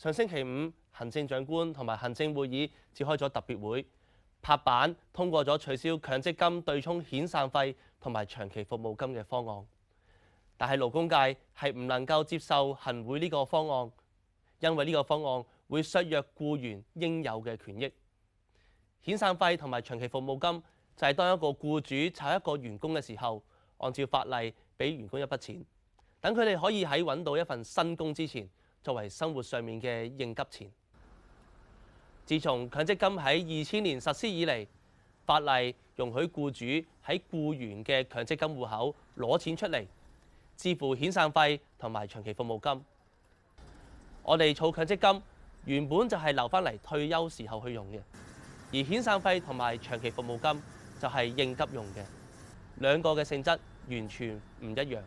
上星期五，行政長官同埋行政會議召開咗特別會，拍板通過咗取消強積金對沖遣散費同埋長期服務金嘅方案。但係勞工界係唔能夠接受行會呢個方案，因為呢個方案會削弱僱員應有嘅權益。遣散費同埋長期服務金就係當一個僱主炒一個員工嘅時候，按照法例俾員工一筆錢，等佢哋可以喺揾到一份新工之前，作為生活上面嘅應急錢。自從強積金喺二千年實施以嚟，法例容許僱主喺僱員嘅強積金戶口攞錢出嚟支付遣散費同埋長期服務金。我哋儲強積金原本就係留返嚟退休時候去用嘅，而遣散費同埋長期服務金就係應急用嘅，兩個嘅性質完全唔一樣。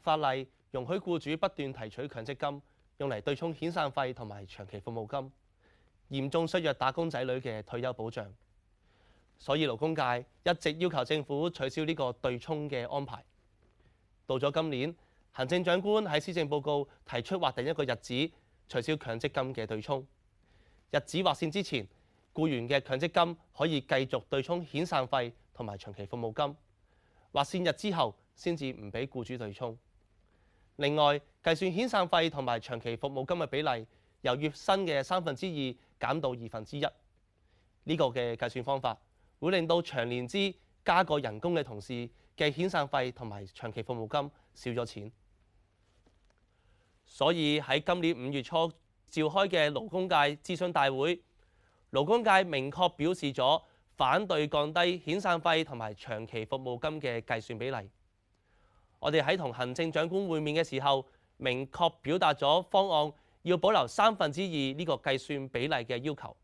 法例，容許僱主不斷提取強積金，用嚟對沖遣散費同埋長期服務金，嚴重削弱打工仔女嘅退休保障。所以勞工界一直要求政府取消呢個對沖嘅安排。到咗今年，行政長官喺施政報告提出劃定一個日子取消強積金嘅對沖。日子劃線之前，僱員嘅強積金可以繼續對沖遣散費同埋長期服務金；劃線日之後，先至唔俾僱主對沖。另外，計算遣散費同埋長期服務金嘅比例，由月薪嘅三分之二減到二分之一，呢個嘅計算方法會令到長年資加過人工嘅同事嘅遣散費同埋長期服務金少咗錢。所以喺今年五月初召開嘅勞工界諮詢大會，勞工界明確表示咗反對降低遣散費同埋長期服務金嘅計算比例。我哋喺同行政長官會面嘅時候，明確表達咗方案要保留三分之二呢個計算比例嘅要求。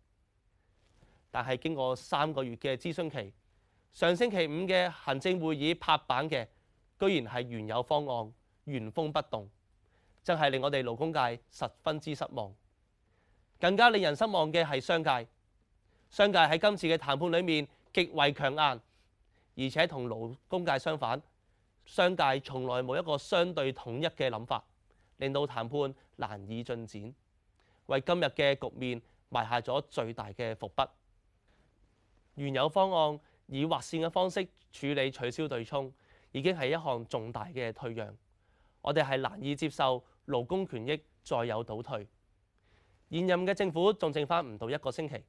但係經過三個月嘅諮詢期，上星期五嘅行政會議拍板嘅，居然係原有方案原封不動，真係令我哋勞工界十分之失望。更加令人失望嘅係商界，商界喺今次嘅談判裏面極為強硬，而且同勞工界相反。商界從來冇一個相對統一嘅諗法，令到談判難以進展，為今日嘅局面埋下咗最大嘅伏筆。原有方案以劃線嘅方式處理取消對沖，已經係一項重大嘅退讓。我哋係難以接受勞工權益再有倒退。現任嘅政府仲剩返唔到一個星期，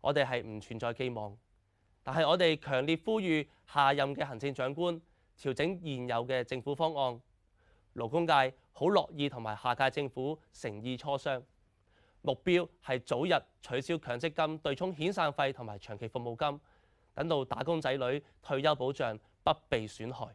我哋係唔存在寄望，但係我哋強烈呼籲下任嘅行政長官。調整現有嘅政府方案，勞工界好樂意同埋下屆政府誠意磋商，目標係早日取消強積金對沖遣散費同埋長期服務金，等到打工仔女退休保障不被損害。